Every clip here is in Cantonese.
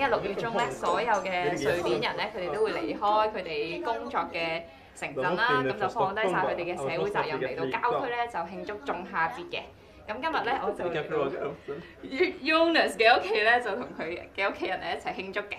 今日六月中咧，所有嘅瑞典人咧，佢哋都會離開佢哋工作嘅城鎮啦，咁就放低曬佢哋嘅社會責任，嚟到郊區咧就慶祝仲夏節嘅。咁今日咧，我就到 Jonas 嘅屋企咧，就同佢嘅屋企人嚟一齊慶祝嘅。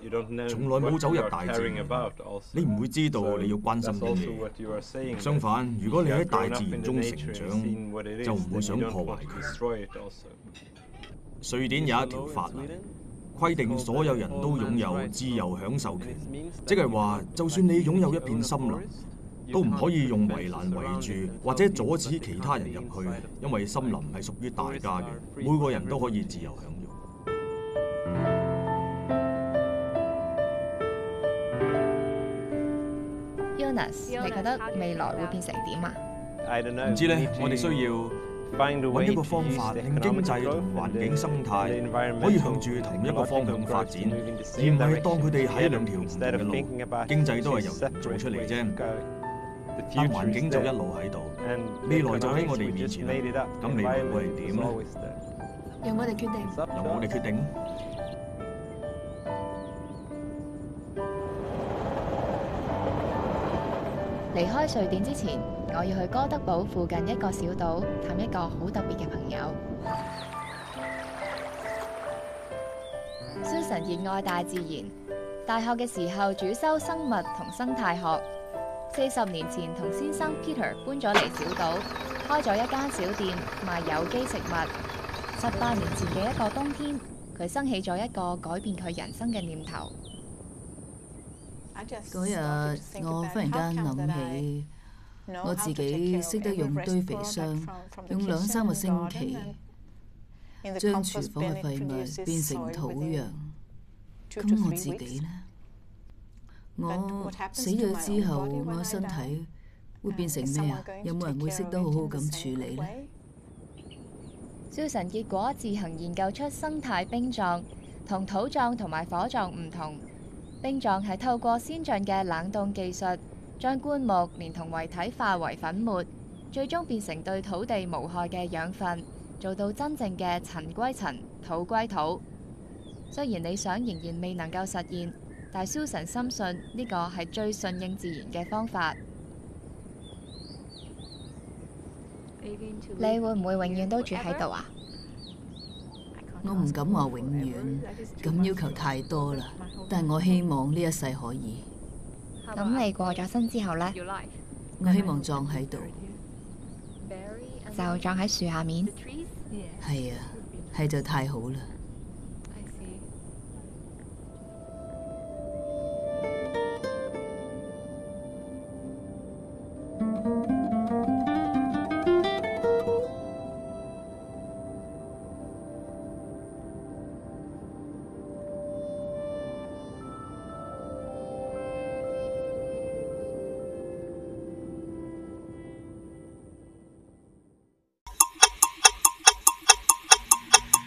從來冇走入大自然，你唔會知道你要關心啲咩。相反，如果你喺大自然中成長，就唔會想破壞佢。瑞典有一條法例，規定所有人都擁有自由享受權，即係話，就算你擁有一片森林，都唔可以用圍欄圍住或者阻止其他人入去，因為森林係屬於大家嘅，每個人都可以自由享受。Jonas, Jonas, 你覺得未來會變成點啊？唔知咧，我哋需要揾一個方法，令經濟同環境生態可以向住同一個方向發展，而唔係當佢哋喺兩條唔同嘅路。經濟都係由人做出嚟啫，但環境就一路喺度，未來就喺我哋面前啦。咁未來會係點囉？由我哋決定。由我哋決定。離開瑞典之前，我要去哥德堡附近一個小島探一個好特別嘅朋友。Susan 熱愛大自然，大學嘅時候主修生物同生態學。四十年前同先生 Peter 搬咗嚟小島，開咗一間小店賣有機食物。十八年前嘅一個冬天，佢生起咗一個改變佢人生嘅念頭。嗰日我忽然間諗起，我自己識得用堆肥箱，用兩三個星期將廚房嘅廢物變成土壤。咁我自己呢，我死咗之後，我身體會變成咩啊？有冇人會識得好好咁處理呢？消神結果自行研究出生態冰葬，同土葬同埋火葬唔同。冰葬係透過先進嘅冷凍技術，將棺木連同遺體化為粉末，最終變成對土地無害嘅養分，做到真正嘅塵歸塵，土歸土。雖然理想仍然未能夠實現，但蕭神深信呢、這個係最順應自然嘅方法。你會唔會永遠都住喺度啊？我唔敢話永遠，咁要求太多啦。但係我希望呢一世可以。咁你過咗身之後呢，我希望葬喺度，就葬喺樹下面。係啊，係就太好啦。